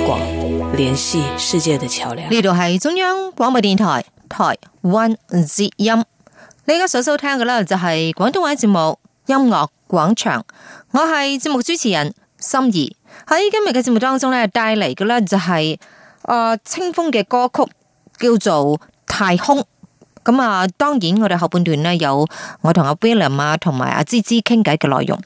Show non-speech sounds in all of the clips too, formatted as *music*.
廣聯繫世界的橋梁，呢度係中央廣播電台台灣之音，你而家所收聽嘅呢，就係廣東話節目音樂廣場，我係節目主持人心儀。喺今日嘅節目當中咧帶嚟嘅呢，就係誒青峰嘅歌曲叫做太空。咁啊，當然我哋後半段咧有我同阿 William 啊，同埋阿芝芝傾偈嘅內容。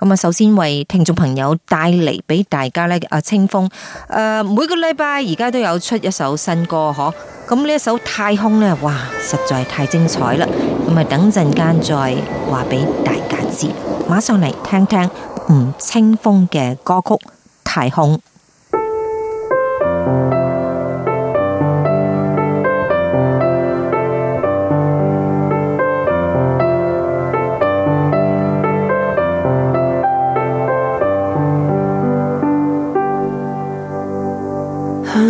咁啊，首先為聽眾朋友帶嚟俾大家咧，阿青峰誒，每個禮拜而家都有出一首新歌嗬。咁呢一首《太空》咧，哇，實在太精彩啦！咁啊，等陣間再話俾大家知。馬上嚟聽聽吳青峰嘅歌曲《太空》。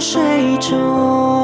水中。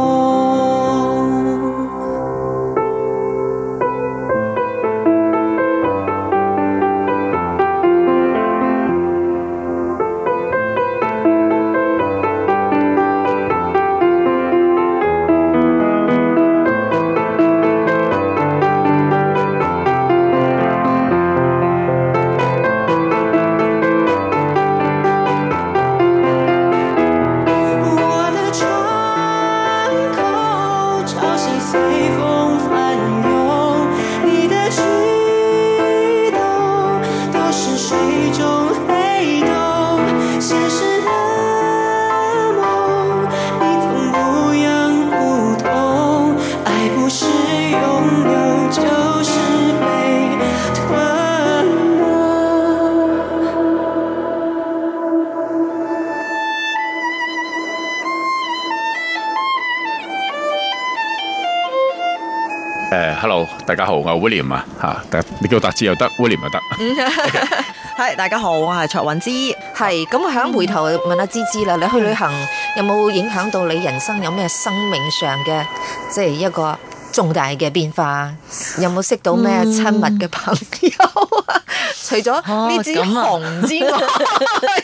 hello，大家好，我係 William 啊，吓，你叫達志又得，William 又得，係、okay. *laughs* 大家好，我係卓韻芝。係咁響回頭問阿、啊、芝芝啦，你去旅行有冇影響到你人生有咩生命上嘅即係一個重大嘅變化？有冇識到咩親密嘅朋友啊？除咗呢支紅之外。 *laughs*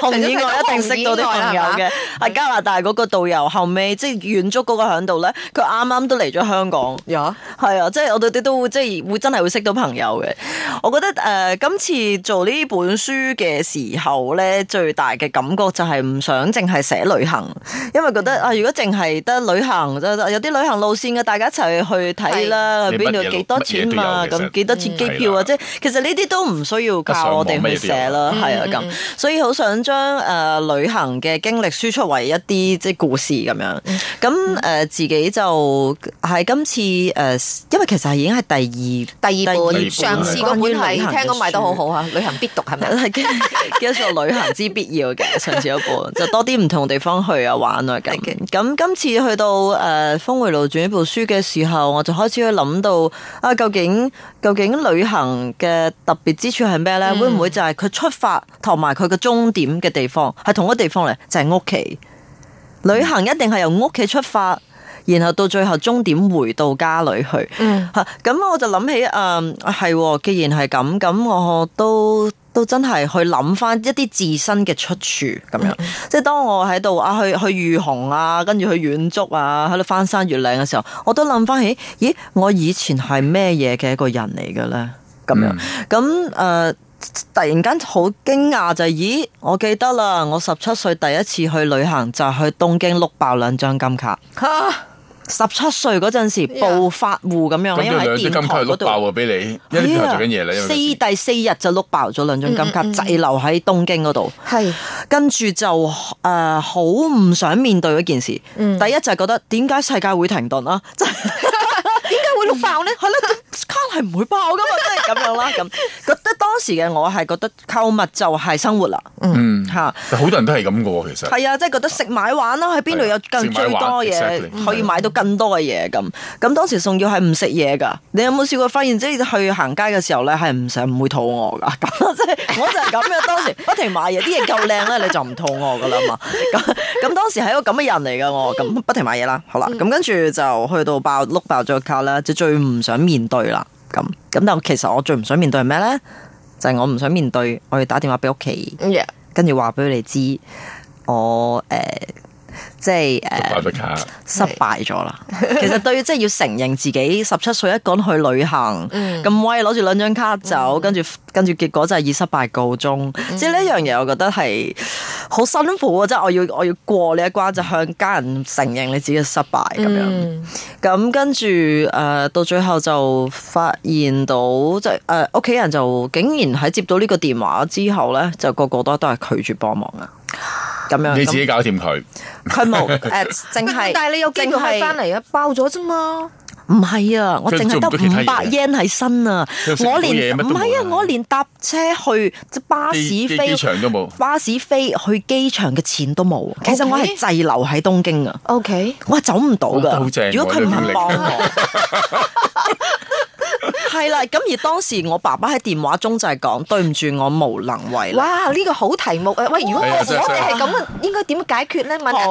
同以外一定識到啲朋友嘅，係加拿大嗰個導遊後尾，即係遠足嗰個喺度咧，佢啱啱都嚟咗香港。有係啊，即係我哋啲都即係會真係會識到朋友嘅。我覺得誒，今次做呢本書嘅時候咧，最大嘅感覺就係唔想淨係寫旅行，因為覺得啊，如果淨係得旅行，有啲旅行路線嘅大家一齊去睇啦，邊度幾多錢啊，咁幾多錢機票啊，即係其實呢啲都唔需要靠我哋去寫啦，係啊咁，所以好想。將誒、呃、旅行嘅經歷輸出為一啲即係故事咁樣，咁、嗯、誒、嗯呃、自己就喺今次誒、呃，因為其實係已經係第二第二本，上次嗰本係聽講賣得好好啊，旅行必讀係咪？係叫做旅行之必要嘅。 *laughs* 上次嗰本就多啲唔同地方去啊玩啊咁。咁 Okay.、嗯、今次去到誒、呃、峰回路轉呢部書嘅時候，我就開始去諗到啊，究竟。究竟旅行嘅特別之處係咩呢？會唔會就係佢出發同埋佢個終點嘅地方係，嗯、同一個地方咧？就係屋企。旅行一定係由屋企出發，然後到最後終點回到家裏去。嗯，啊、嗯，吓咁我就諗起，誒，係，既然係咁，咁我都。都真係去諗翻一啲自身嘅出處咁樣，即係當我喺度啊去去御紅啊，跟住去遠足啊，喺度翻山越嶺嘅時候，我都諗翻起，咦，我以前係咩嘢嘅一個人嚟嘅咧？咁樣咁誒、呃，突然間好驚訝就係，咦，我記得啦，我十七歲第一次去旅行就是，去東京碌爆兩張金卡。啊十七歲嗰陣時，暴 Yeah. 發戶咁樣，因為喺 Yeah. 做緊嘢。你四 Yeah. 第四日就碌爆咗兩張金卡，滯留喺東京嗰度。係、mm hmm. 跟住就誒，好、呃、唔想面對嗰件事。Mm hmm. 第一就係覺得點解世界會停頓啦、啊？即係、mm。Hmm. *laughs* 會碌爆咧，係咯？卡係唔會爆噶嘛，即係咁樣啦。咁覺得當時嘅我係覺得購物就係生活啦。嗯，嚇好多人都係咁嘅喎，其實係啊，即係覺得食買玩咯，喺邊度有更最多嘢可以買到更多嘅嘢咁。咁當時仲要係唔食嘢噶。你有冇試過發現，即係去行街嘅時候咧，係唔食唔會肚餓噶。咁即係我就係咁樣當時，不停買嘢，啲嘢夠靚咧，你就唔肚餓噶啦嘛。咁咁當時係一個咁嘅人嚟噶，我咁不停買嘢啦。好啦，咁跟住就去到爆碌爆咗卡啦。最唔想面對啦，咁咁但其實我最唔想面對係咩呢？就係、是、我唔想面對，我要打電話俾屋企，Yeah. 跟住話俾佢哋知我誒。Uh, 即係誒，um, 失敗咗啦。 *laughs* 其實對於，即、就、係、是、要承認自己十七歲一個人去旅行咁、嗯、威，攞住兩張卡走，嗯、跟住跟住結果就係以失敗告終。嗯、即係呢樣嘢，我覺得係好辛苦。即係我要我要過呢一關，就向家人承認你自己嘅失敗咁、嗯、樣。咁跟住誒、呃，到最後就發現到，即係誒，屋、呃、企人就竟然喺接到呢個電話之後咧，就個個,個都都係拒絕幫忙啊。咁樣你自己搞掂佢，佢冇淨係但係你有機佢翻嚟啊，爆咗啫嘛，唔係啊，我淨係得五百 yen 喺身啊，我連唔係啊，我連搭車去巴士飛機場都冇，巴士飛去機場嘅錢都冇，其實我係滯留喺東京啊，OK，我係走唔到㗎，如果佢唔肯幫我。係啦，咁而當時我爸爸喺電話中就係講：對唔住，我無能為力。哇！呢個好題目啊，喂，如果我哋係咁啊， *laughs* 應該點解決呢？問下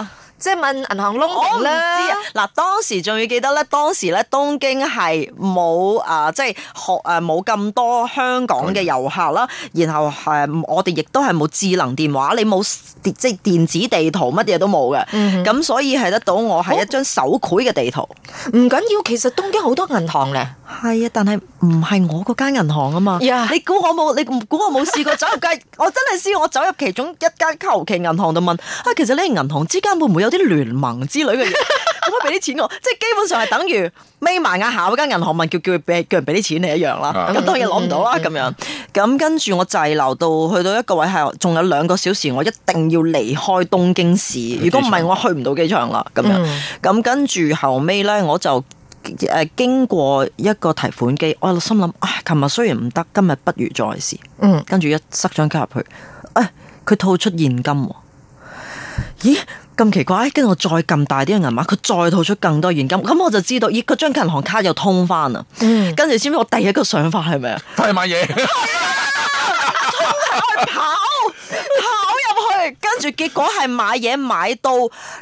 佢。即係問銀行窿屏啦。嗱，當時仲要記得咧，當時咧東京係冇啊，即係學啊冇咁多香港嘅遊客啦。然後係我哋亦都係冇智能電話，你冇即係電子地圖，乜嘢都冇嘅。咁、嗯、所以係得到我係一張手繪嘅地圖。唔緊要，其實東京好多銀行咧。係啊，但係唔係我嗰間銀行啊嘛。Yeah. 你估我冇？你估我冇試過走入街？ *laughs* 我真係試過我走入其中一間求其銀行度問啊。其實呢銀行之間會唔會有？啲聯盟之類嘅嘢， *laughs* 我可唔可以俾啲錢我？即係基本上係等於眯埋眼，下嗰間銀行問，叫叫佢俾叫人俾啲錢你一樣啦。咁 *laughs* 當然攞唔到啦，咁樣。咁跟住我滯留到去到一個位係，仲有兩個小時，我一定要離開東京市。如果唔係，我去唔到機場啦。咁樣。咁、嗯、跟住後尾咧，我就誒經過一個提款機，我心諗：琴日雖然唔得，今日不如再試。嗯。跟住一塞張卡入去，誒，佢吐出現金。咦？咦咁奇怪，跟住我再撳大啲個銀碼，佢再吐出更多現金，咁我就知道，咦，佢張銀行卡又通翻啦。跟住之後，我第一個想法係咩？快 *laughs* 啊？去買嘢。係啊，衝出去跑， *laughs* 跑入去，跟住結果係買嘢買到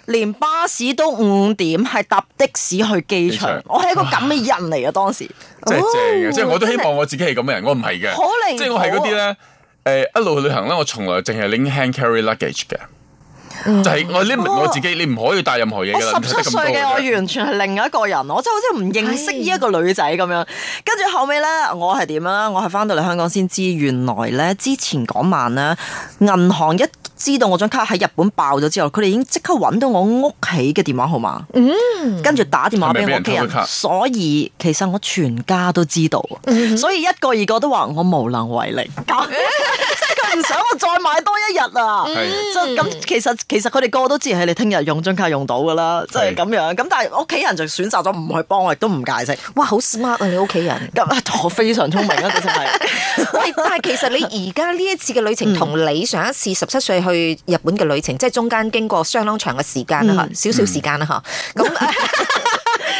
連巴士都五點，係搭的士去機場。機場我係一個咁嘅人嚟嘅哇當時。正正、啊哦、是即係我都希望我自己係咁嘅人，我唔係嘅。好靈厲。即係我係嗰啲呢，誒、呃、一路去旅行咧，我從來淨係拎 hand carry luggage 嘅。 *noise* 就係我你明我自己，oh, 你唔可以帶任何嘢，十七歲嘅我完全係另外一個人，我真係好似唔認識呢一個女仔咁樣。跟住是後尾咧，我係點樣咧？我係翻到嚟香港先知，原來咧之前嗰晚咧，銀行一。知道我張卡喺日本爆咗之後，佢哋已經即刻揾到我屋企嘅電話號碼，跟住、嗯、打電話俾我屋企人，係咪俾人，所以其實我全家都知道，嗯、所以一個二個都話我無能為力，即係佢唔想我再買多一日啊，即咁、嗯。其實其實佢哋個個都知係你聽日用張卡用到噶啦，即係咁樣。咁是但係屋企人就選擇咗唔去幫我，亦都唔解釋。哇，好 smart 啊！你屋企人 *laughs* 我非常聰明啊，其實係。但係其實你而家呢一次嘅旅程，同你上一次十七歲去去日本嘅旅程，即係中間經過相當長嘅時間啦，吓，少少時間啦，吓咁。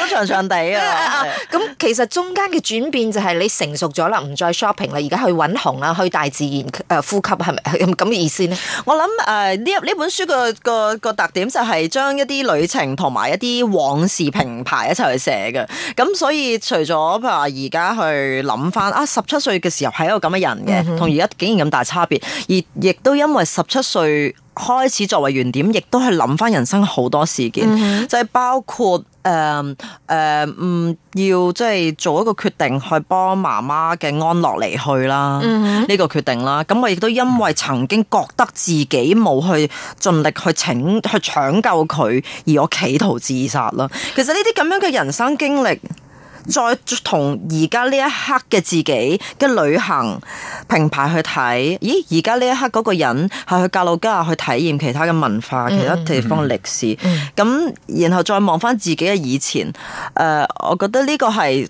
都長長地啊！咁其實中間嘅轉變就係你成熟咗啦，唔再 shopping 啦，而家去揾紅啦，去大自然誒、呃、呼吸係咪咁咁嘅意思咧？我諗誒呢呢本書嘅個個特點就係將一啲旅程同埋一啲往事平排一齊去寫嘅。咁所以除咗話而家去諗翻啊，十七歲嘅時候係一個咁嘅人嘅，同而家竟然咁大差別，而亦都因為十七歲開始作為原點，亦都係諗翻人生好多事件，嗯、哼就係包括。誒誒，唔、um, um, 要即係做一個決定去幫媽媽嘅安樂離去啦，呢、mm hmm. 個決定啦。咁我亦都因為曾經覺得自己冇去盡力去請去搶救佢，而我企圖自殺啦。其實呢啲咁樣嘅人生經歷。再同而家呢一刻嘅自己嘅旅行平排去睇，咦？而家呢一刻嗰個人係去格魯吉亞去體驗其他嘅文化、嗯、其他地方嘅歷史，咁、嗯、然後再望返自己嘅以前。誒、呃，我覺得呢個係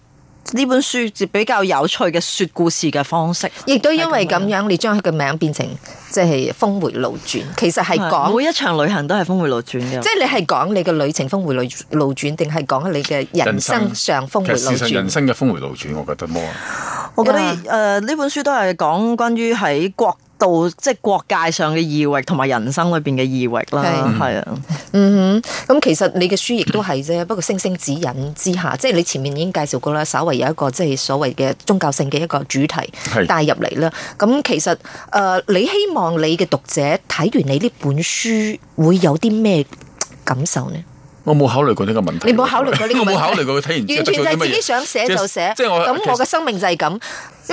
呢本書比較有趣嘅說故事嘅方式。亦都因為咁樣，你將佢嘅名變成。即係峰回路轉，其實係講每一場旅行都係峰回路轉嘅。即係你係講你嘅旅程峰回路路轉，定係講你嘅人生上峰回路轉？其實人生嘅峰回路轉，我覺得摩、呃。我覺得誒，呢、呃、本書都係講關於喺國。即係國界上嘅異域，同埋人生裏邊嘅異域啦，係啊是，是嗯哼，咁其實你嘅書亦都係啫，嗯、不過星星指引之下，即係你前面已經介紹過啦，稍微有一個即係所謂嘅宗教性嘅一個主題帶入嚟啦。咁是其實誒、呃，你希望你嘅讀者睇完你呢本書會有啲咩感受呢？我冇考慮過呢個問題。你冇考慮過呢個問題，冇考慮過睇 *laughs* 完全就你係自己想寫就寫，即係咁我嘅其實 生命就係咁。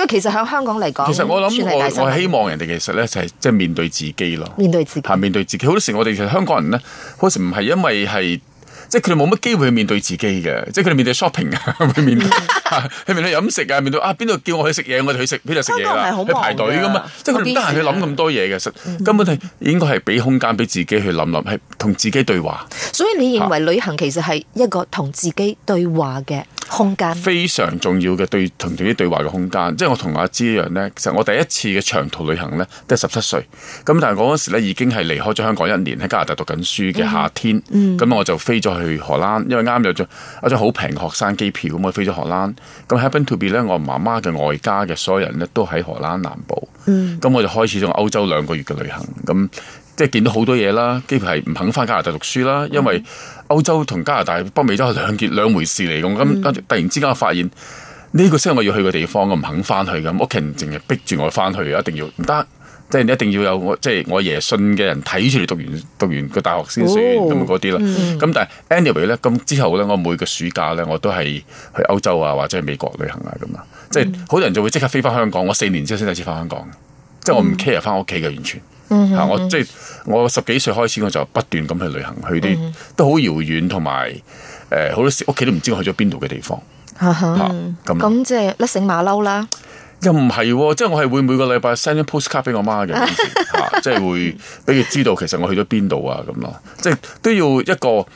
因為其實喺香港嚟講，其實我諗我係希望人哋其實咧就係即係面對自己咯，面對自己，係面對自己。好多時我哋其實香港人咧，好多時唔係因為係，即係佢哋冇乜機會去面對自己嘅，即係佢哋面對 shopping 啊，去面對。啊，係咪你 *laughs* 飲食啊，面對啊邊度叫我去食嘢，我哋去食邊度食嘢啦，去排隊㗎嘛，啊、即係佢唔得閒去諗咁多嘢嘅，實根本係應該係俾空間俾自己去諗諗，係同自己對話。所以你認為旅行其實係一個同自己對話嘅空間，啊，非常重要嘅對同自己對話嘅空間。即係我同阿芝一樣咧，其實我第一次嘅長途旅行咧，都係十七歲。咁但係嗰陣時咧已經係離開咗香港一年，喺加拿大讀緊書嘅夏天。咁、嗯嗯、我就飛咗去荷蘭，因為啱有咗一張好平學生機票咁，我飛咗荷蘭。咁 happen to be 咧，我媽媽嘅外家嘅所有人咧都喺荷蘭南部。咁、mm. 我就開始咗歐洲兩個月嘅旅行。咁即係見到好多嘢啦，幾乎係唔肯翻加拿大讀書啦，因為歐洲同加拿大北美洲係兩件兩回事嚟嘅。咁跟住突然之間我發現呢、呢個先係我要去嘅地方，我唔肯翻去咁。屋企人淨係逼住我翻去，一定要唔得。即係一定要有我，即係我爺信嘅人睇住你讀完讀完個大學先算咁啊，嗰啲啦。咁、oh, 但係 anyway 咧，咁之後咧，我每個暑假咧，我都係去歐洲啊或者係美國旅行啊咁啊。即係好多人就會即刻飛翻香港，我四年之後先第一次翻香港。即係我唔 care 翻屋企嘅完全、mm hmm. 我即係我十幾歲開始我就不斷咁去旅行，去啲都好遙遠同埋誒好多時屋企都唔知我去咗邊度嘅地方。嚇咁即係甩繩馬騮啦！又唔係、哦，即係我係會每個禮拜 send 張 postcard 俾我媽嘅，吓、 *laughs* 啊，即係會俾佢知道其實我去咗邊度啊咁咯，即係都要一個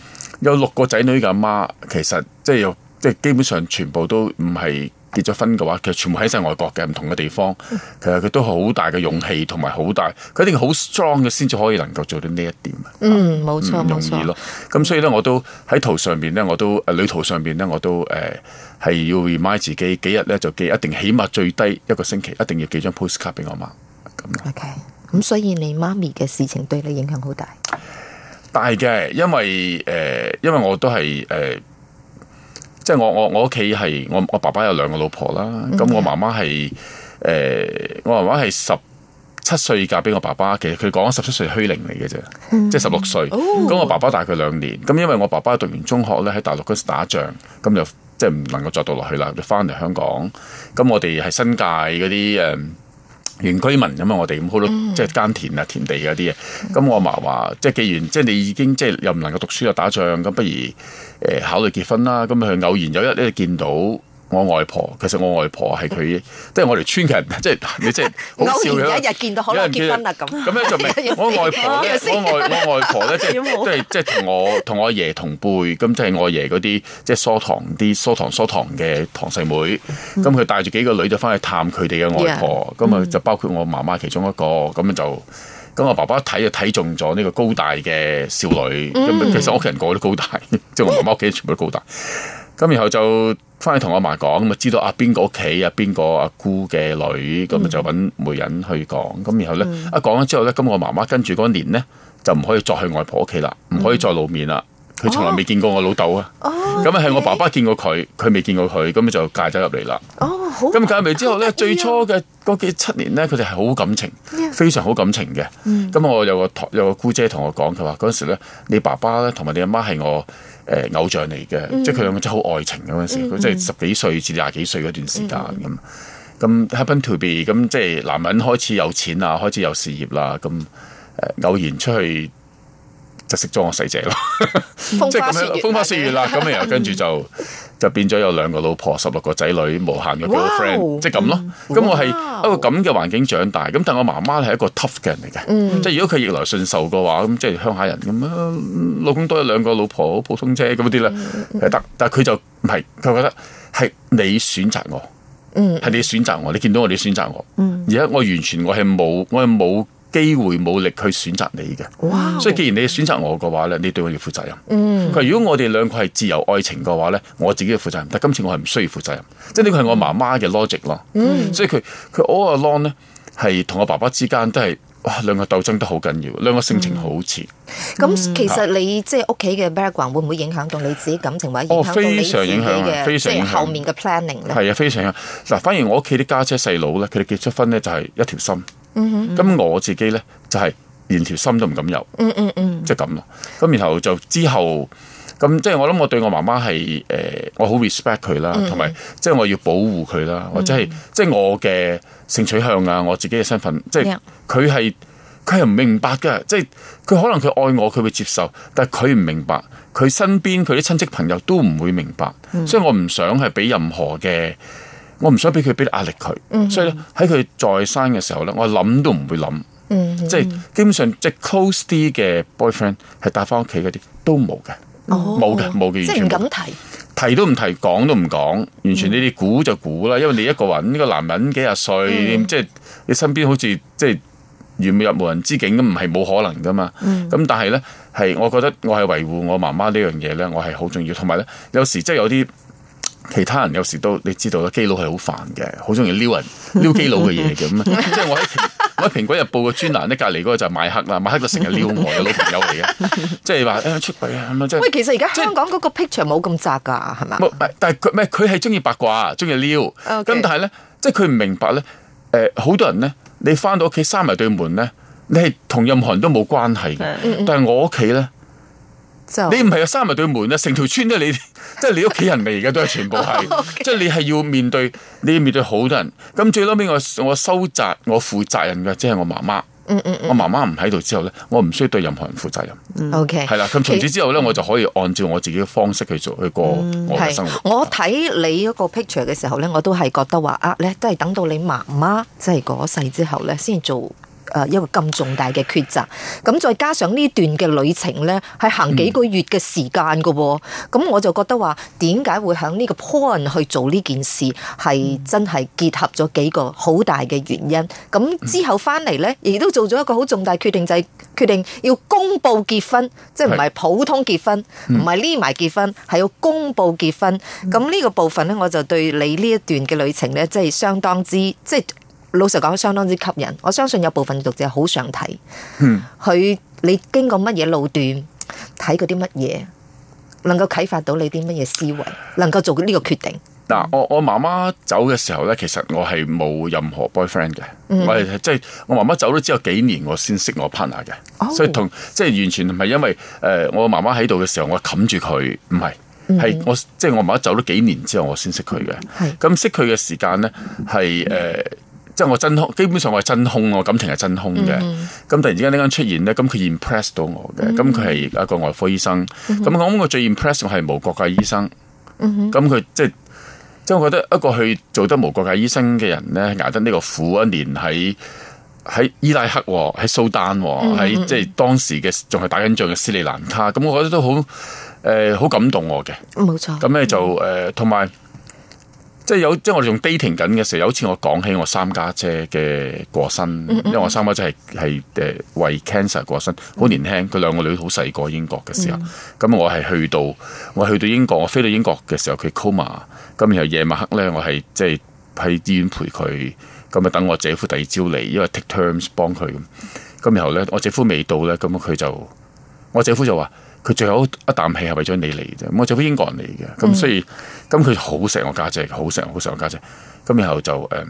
有六個仔女嘅阿媽，其實即係有，即係基本上全部都唔係。結咗婚嘅話，其實全部喺晒外國嘅唔同嘅地方，其實佢都好大嘅勇氣，同埋好大，佢一定要好 strong 嘅先至可以能夠做到呢一點。嗯，冇錯冇錯。咁錯所以咧、嗯，我都喺途上面咧，我都誒，旅途上面咧，我都誒係、呃、要 remind 自己，幾日咧就寄，一定起碼最低一個星期，一定要寄張 postcard 俾我媽。咁 OK，咁所以你媽咪嘅事情對你影響好大。大嘅，因為誒、呃，因為我都係誒。呃呃呃即係我我我屋企係我我爸爸有兩個老婆啦，咁我媽媽係誒我媽媽係十七歲嫁俾我爸爸，其實佢講十七歲虛齡嚟嘅啫，即係十六歲。咁、哦、我爸爸大佢兩年，咁因為我爸爸讀完中學咧喺大陸嗰時打仗，咁就即係唔能夠再讀落去啦，就翻、是、嚟香港。咁我哋係新界嗰啲誒。呃原居民咁啊，我哋咁好多即係、就是、耕田啊、田地嗰啲嘢。咁我阿嫲話，即係既然即係你已經即係又唔能夠讀書又打仗，咁不如誒、呃、考慮結婚啦。咁佢偶然有一日見到。我外婆，其實我外婆係佢，即係我哋村嘅人，即係你即係好笑我一日見到可能結婚啦咁。咁咧就我外婆我外 *laughs* 我外婆咧即係即係即係同輩我同我爺同輩，咁即係我阿爺嗰啲即係疏堂啲疏堂疏堂嘅堂細妹，咁佢帶住幾個女仔翻去探佢哋嘅外婆，咁啊就包括我媽媽其中一個，咁就咁我爸爸一睇就睇中咗呢個高大嘅少女，咁、嗯、其實屋企人個個都高大，即係我媽媽屋企全部都高大，咁然後就。翻去同阿嫲講，咁啊知道啊邊個屋企啊邊個阿姑嘅女，咁啊、嗯、就揾媒人去講，咁然後呢，嗯、一講咗之後呢，咁我媽媽跟住嗰年呢，就唔可以再去外婆屋企啦，唔可以再露面啦。佢從來未見過我老豆啊。咁啊係我爸爸見過佢，佢未、哦、見過佢，咁咪就嫁咗入嚟啦。哦，咁嫁入嚟之後呢，啊、最初嘅嗰幾七年呢，佢哋係好感情，嗯、非常好感情嘅。嗯。咁、嗯、我有個有個姑姐同我講，佢話嗰陣時呢，你爸爸呢同埋你阿媽係我。誒、呃、偶像嚟嘅，即係佢兩個真係好愛情嗰陣時，佢、嗯、即係十幾歲至廿幾歲嗰段時間咁。咁 Happy to be 咁，be，即係男人開始有錢啦，開始有事業啦，咁誒、呃、偶然出去。就識咗我細姐咯，即係咁樣風花雪月啦，咁 *laughs* 然後跟住就就變咗有兩個老婆，十六個仔女，無限咗幾個 girl friend，即係咁咯。咁 wow, 我係一個咁嘅環境長大，咁但係我媽媽係一個 tough 嘅人嚟嘅，嗯、即係如果佢逆來順受嘅話，咁即係鄉下人咁樣老公都有兩個老婆，好普通啫，咁嗰啲啦係得。但係佢就唔係，佢覺得係你選擇我，嗯，係你選擇我，、嗯、我，你見到我你選擇我，而家我完全我係冇，我係冇。機會冇力去選擇你嘅，Wow. 所以既然你選擇我嘅話咧，你對我要負責任。佢、mm. 如果我哋兩個係自由愛情嘅話咧，我自己要負責任。但今次我係唔需要負責任，即係呢個係我媽媽嘅 logic 咯。Mm. 所以佢佢 all alone 咧係同我爸爸之間都係，哇兩個鬥爭都好緊要，兩個性情好似。咁其實你即係屋企嘅 background 會唔會影響到你自己感情，或者影響到你自己嘅即係後面嘅 planning 咧？係啊，非常。嗱，反而我屋企啲家姐細佬咧，佢哋結咗婚咧就係一條心。咁、mm hmm. 我自己呢，就係、是、連條心都唔敢有，嗯嗯即係咁咯。咁、hmm. 然後就之後咁，即係我諗我對我媽媽係誒，我好 respect 佢啦，同埋即係我要保護佢啦，mm hmm. 或者係即係我嘅性取向啊，我自己嘅身份，即係佢係佢係唔明白㗎，即係佢可能佢愛我，佢會接受，但係佢唔明白，佢身邊佢啲親戚朋友都唔會明白，mm hmm. 所以我唔想係俾任何嘅。我唔想俾佢俾啲壓力佢，嗯、哼所以咧喺佢再生嘅時候咧，我諗都唔會諗，即係、嗯、哼基本上即係 close 啲嘅 boyfriend 係帶翻屋企嗰啲都冇嘅，冇嘅冇嘅，完全即係唔敢提，提都唔提，講都唔講，完全呢啲估就估啦。因為你一個人，呢、呢個男人幾廿歲，即係、嗯、你身邊好似即完美入無人之境咁，唔係冇可能噶嘛？咁、嗯、但係咧，係我覺得我係維護我媽媽呢樣嘢咧，我係好重要。同埋咧，有時即係有啲。其他人有時都你知道啦，基佬係好煩嘅，好中意撩人、撩基佬嘅嘢嘅，咁即係我喺 *laughs* 我喺《蘋果日報》嘅專欄呢，隔離嗰個就係麥克啦，麥克就成日撩我嘅老朋友嚟嘅，即係話、哎、出軌啊咁啊！即係喂，其實而家香港嗰個 picture 冇咁窄㗎，係咪？但係佢咩？佢係中意八卦，中意撩。咁 Okay. 但係咧，即係佢唔明白咧。誒、呃，好多人咧，你翻到屋企閂埋對門咧，你係同任何人都冇關係嘅。 *laughs* 但係我屋企咧。就你唔係有閂埋對門咧，成條村都係你，即 *laughs* 係你屋企人嚟嘅，都係全部係，即係 *laughs* okay. 你係要面對，你要面對好多人。咁最嬲尾我我收責，我負責任嘅，即係、嗯嗯嗯、我媽媽。我媽媽唔喺度之後呢，我唔需要對任何人負責任。O K、嗯。係、okay. 啦，咁從此之後呢，我就可以按照我自己嘅方式去做，去過我嘅生活。嗯啊、我睇你嗰個 picture 嘅時候呢，我都係覺得話啊，咧都係等到你媽媽即係過世之後呢，先做。誒一個咁重大嘅抉擇，咁再加上呢段嘅旅程呢係行幾個月嘅時間嘅喎，咁、嗯、我就覺得話點解會喺呢個 point 去做呢件事，係真係結合咗幾個好大嘅原因。咁之後翻嚟呢，亦都做咗一個好重大決定，就係、是、決定要公佈結婚，即係唔係普通結婚，唔係匿埋結婚，係、嗯、要公佈結婚。咁呢個部分呢，我就對你呢一段嘅旅程呢，即係相當之即係。老實講，相當之吸引。我相信有部分讀者好想睇。嗯。佢你經過乜嘢路段，睇過啲乜嘢，能夠啟發到你啲乜嘢思維，能夠做呢個決定。嗱，我我媽媽走嘅時候咧，其實我係冇任何 boyfriend 嘅。嗯。係即係我媽媽、就是、走咗之後幾年，我先識我 partner 嘅。哦、所以同即係完全唔係因為誒我媽媽喺度嘅時候我冚住佢，唔係。係、嗯嗯、我即係、就是、我媽媽走咗幾年之後，我先識佢嘅。係、嗯。咁識佢嘅時間咧，係誒。即係我真空，基本上我係真空，我感情係真空嘅。咁、嗯、哼突然之間呢間出現咧，咁佢 impress 到我嘅。咁佢係一個外科醫生。咁我諗我最 impress 我係無國界醫生。咁佢即係即係我覺得一個去做得無國界醫生嘅人咧，捱得呢個苦一年，喺喺伊拉克喎、哦，喺蘇丹喎、哦，喺即係當時嘅仲係打緊仗嘅斯里蘭卡。咁我覺得都好誒，好、呃、感動我嘅。冇錯錯。咁咧就誒，同、呃、埋。即係有即係我哋用 dating 緊嘅時候，有一次我講起我三家姐嘅過身，因為我三家姐係係誒為 cancer 過身，好年輕，佢兩個女好細個，英國嘅時候，咁、嗯、我係去到，我去到英國，我飛到英國嘅時候佢 coma，咁然後夜晚黑咧，我係即係喺醫院陪佢，咁啊等我姐夫第二朝嚟，因為 take terms 幫佢，咁然後咧我姐夫未到咧，咁佢就我姐夫就話。佢最後一啖氣係為咗你嚟啫，咁我就翻英國人嚟嘅，咁所以咁佢好錫我家姐，姐，好錫好錫我家姐，姐，咁然後就誒咁、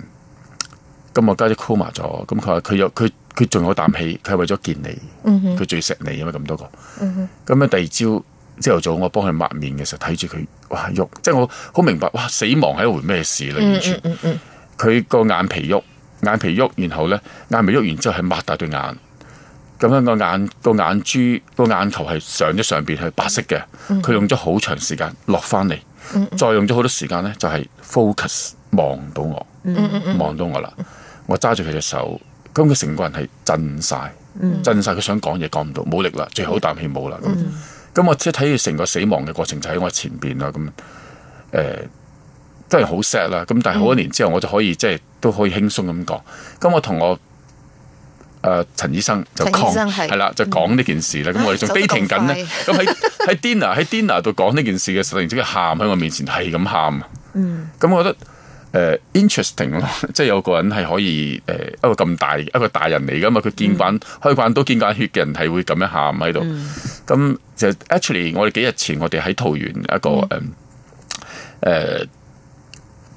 嗯、我家姐 call 埋咗，咁佢話佢有佢佢仲有啖氣，佢係為咗見你，佢、嗯、哼最錫你啊嘛咁多個，咁咧、嗯、哼第二朝朝頭早我幫佢抹面嘅時候睇住佢，哇喐，即係我好明白，哇死亡係一回咩事喇。完全，佢、嗯嗯嗯、個眼皮喐，眼皮喐，然後咧眼皮喐，完之後係擘大對眼。咁樣個眼、個眼珠、個眼球係上咗上邊係白色嘅，佢用咗好長時間落翻嚟，再用咗好多時間咧，就係、是、focus 望到我，望到我啦。我揸住佢隻手，咁佢成個人係震晒，震晒佢想講嘢講唔到，冇力啦，最後一啖氣冇啦。咁我即係睇住成個死亡嘅過程就喺我前邊啦。咁誒真係好 sad 啦。咁但係好多年之後，我就可以、嗯、即係都可以輕鬆咁講。咁我同我。誒陳醫生就係啦，就講呢件事啦。咁我哋仲 dating 緊呢。咁喺喺 dinner 喺 dinner 度講呢件事嘅，突然之間佢喊喺我面前，係咁喊。嗯。咁我覺得誒 interesting 咯，即係有個人係可以誒一個咁大一個大人嚟噶嘛。佢見慣開慣刀見慣血嘅人係會咁樣喊喺度。咁就 actually 我哋幾日前我哋喺桃園一個誒誒。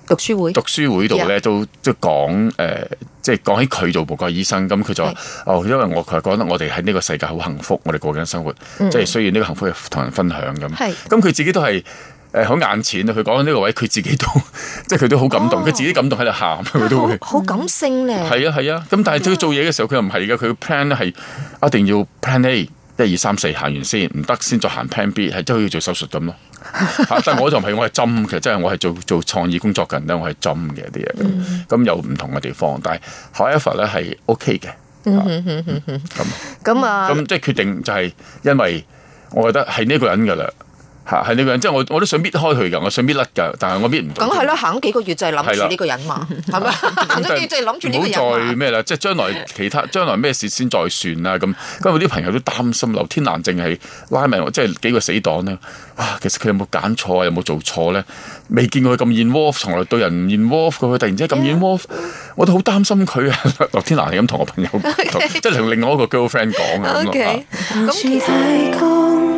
讀書會讀書會度咧 Yeah. 都即係講誒，即係講起佢做個醫生，咁佢就是哦，因為我佢係覺得我哋喺呢個世界好幸福，我哋過緊生活，mm. 即係雖然呢個幸福係同人分享咁，咁佢是自己都係誒好眼淺啊！佢講喺呢個位，佢自己都即係佢都好感動，佢、oh. 自己感動喺度喊，佢、oh. 都會、啊、好，好感性咧。係啊係啊，咁但係佢做嘢嘅時候，佢又唔係噶，佢 plan 係一定要 plan A。一二三四行完先，唔得先再行 plan B，係即係好似做手術咁咯。 *laughs* 但係我就唔係，我係針，其實真係我係做做創意工作緊咧，我係針嘅啲嘢咁，咁、mm hmm. 有唔同嘅地方。但係 however 咧係 OK 嘅，咁咁、mm hmm. 啊，咁即係決定就係因為我覺得係呢個人㗎啦。嚇，係呢個人，即係我我都想搣開佢㗎，我想搣甩㗎，但係我搣唔到。梗係咯，行咗幾個月就係諗住呢個人嘛，係咪？行咗幾個月就係諗住呢個人嘛。唔好再咩啦，即係將來其他將來咩事先再算啦咁。因為我啲朋友都擔心劉天蘭淨係拉埋即係幾個死黨咧。哇，其實佢有冇揀錯有冇做錯咧？未見過佢咁 involved，從來對人唔 involved 嘅佢，突然之間咁 involved，我都好擔心佢啊！劉天蘭係咁同我朋友，即係同另外一個 girlfriend 講啊。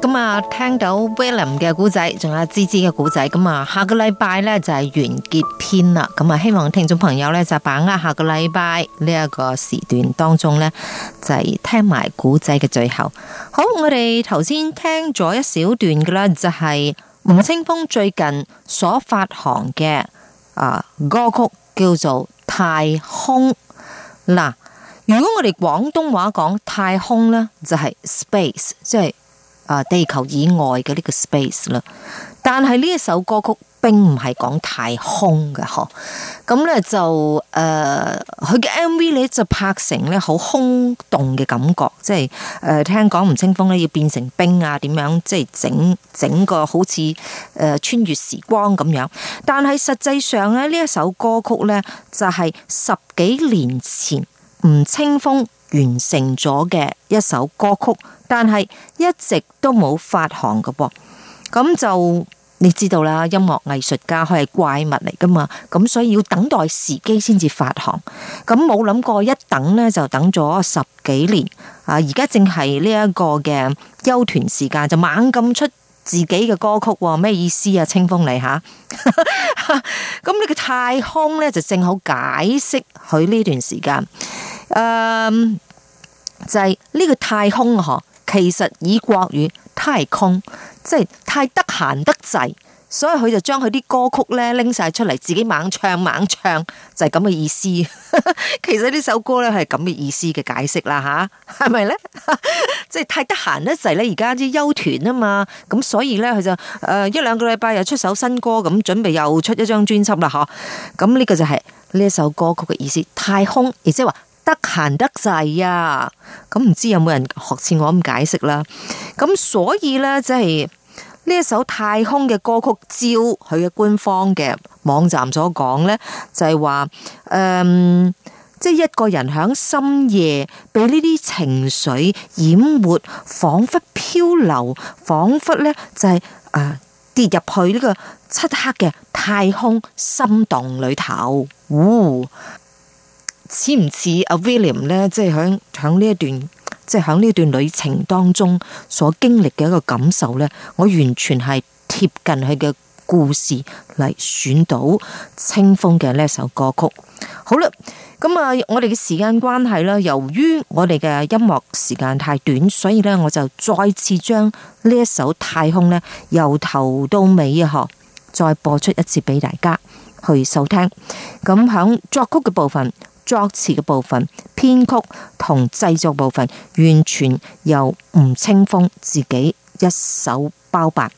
咁啊，聽到 William 嘅古仔，仲有芝芝嘅古仔，咁啊，下個禮拜咧就係完結篇啦。咁啊，希望聽眾朋友咧就把握下個禮拜呢一個時段當中咧，就係聽埋古仔嘅最後。好，我哋頭先聽咗一小段嘅啦，就係吳青峰最近所發行嘅啊歌曲，叫做《太空》。嗱，如果我哋廣東話講太空咧，就係 space，即係。啊！地球以外嘅呢個 space 啦，但係呢一首歌曲並唔係講太空嘅嗬，咁咧就誒，佢嘅 MV 咧就拍成咧好空洞嘅感覺，即係誒、呃，聽講吳青峰咧要變成冰啊，點樣即係整整個好似誒穿越時光咁樣，但係實際上咧呢一首歌曲咧就係、是、十幾年前吳青峰。完成咗嘅一首歌曲，但係一直都冇發行㗎噃，咁就你知道啦。音樂藝術家佢係怪物嚟噶嘛，咁所以要等待時機先至發行，咁冇諗過一等呢，就等咗十幾年啊！而家正係呢一個嘅休團時間，就猛咁出自己嘅歌曲，喎，啊，咩意思啊？青峰嚟吓，咁 *laughs* 呢個太空呢，就正好解釋佢呢段時間。嗯，um, 就係呢個太空嗬，其實以國語太空，即係太得閒得滯，所以佢就將佢啲歌曲咧拎晒出嚟，自己猛唱猛唱，就係咁嘅意思。 *laughs* 其實呢首歌咧係咁嘅意思嘅解釋啦，吓係咪咧？即係 *laughs* 太得閒得滯咧，而家啲休團啊嘛，咁所以咧佢就誒、呃、一兩個禮拜又出首新歌，咁準備又出一張專輯啦，吓、啊？咁呢個就係呢一首歌曲嘅意思，太空，亦即係話。得閒得滯啊！咁唔知有冇人學似我咁解釋啦？咁所以呢，即係呢一首太空嘅歌曲，照佢嘅官方嘅網站所講呢，就係話，嗯，即係一個人響深夜被呢啲情緒淹沒，仿佛漂流，仿佛呢，彿彿就係啊跌入去呢個漆黑嘅太空心洞裏頭，嗚～似唔似阿 William 咧？即係響響呢、就是、一段，即係響呢段旅程當中所經歷嘅一個感受呢？我完全係貼近佢嘅故事嚟選到青峰嘅呢首歌曲。好啦，咁啊，我哋嘅時間關係啦，由於我哋嘅音樂時間太短，所以呢，我就再次將呢一首《太空》呢，由頭到尾啊，再播出一次俾大家去收聽。咁響作曲嘅部分，作詞嘅部分，編曲同製作部分，完全由吳青峰自己一手包辦，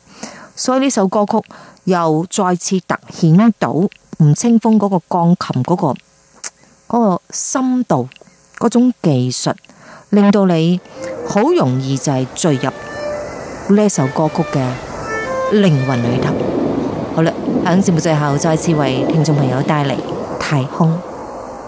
所以呢首歌曲又再次凸顯到吳青峰嗰個鋼琴嗰、嗰個、嗰個深度，嗰種技術令到你好容易就係墜入呢首歌曲嘅靈魂裏頭。好啦，喺節目最後，再次為聽眾朋友帶嚟太空。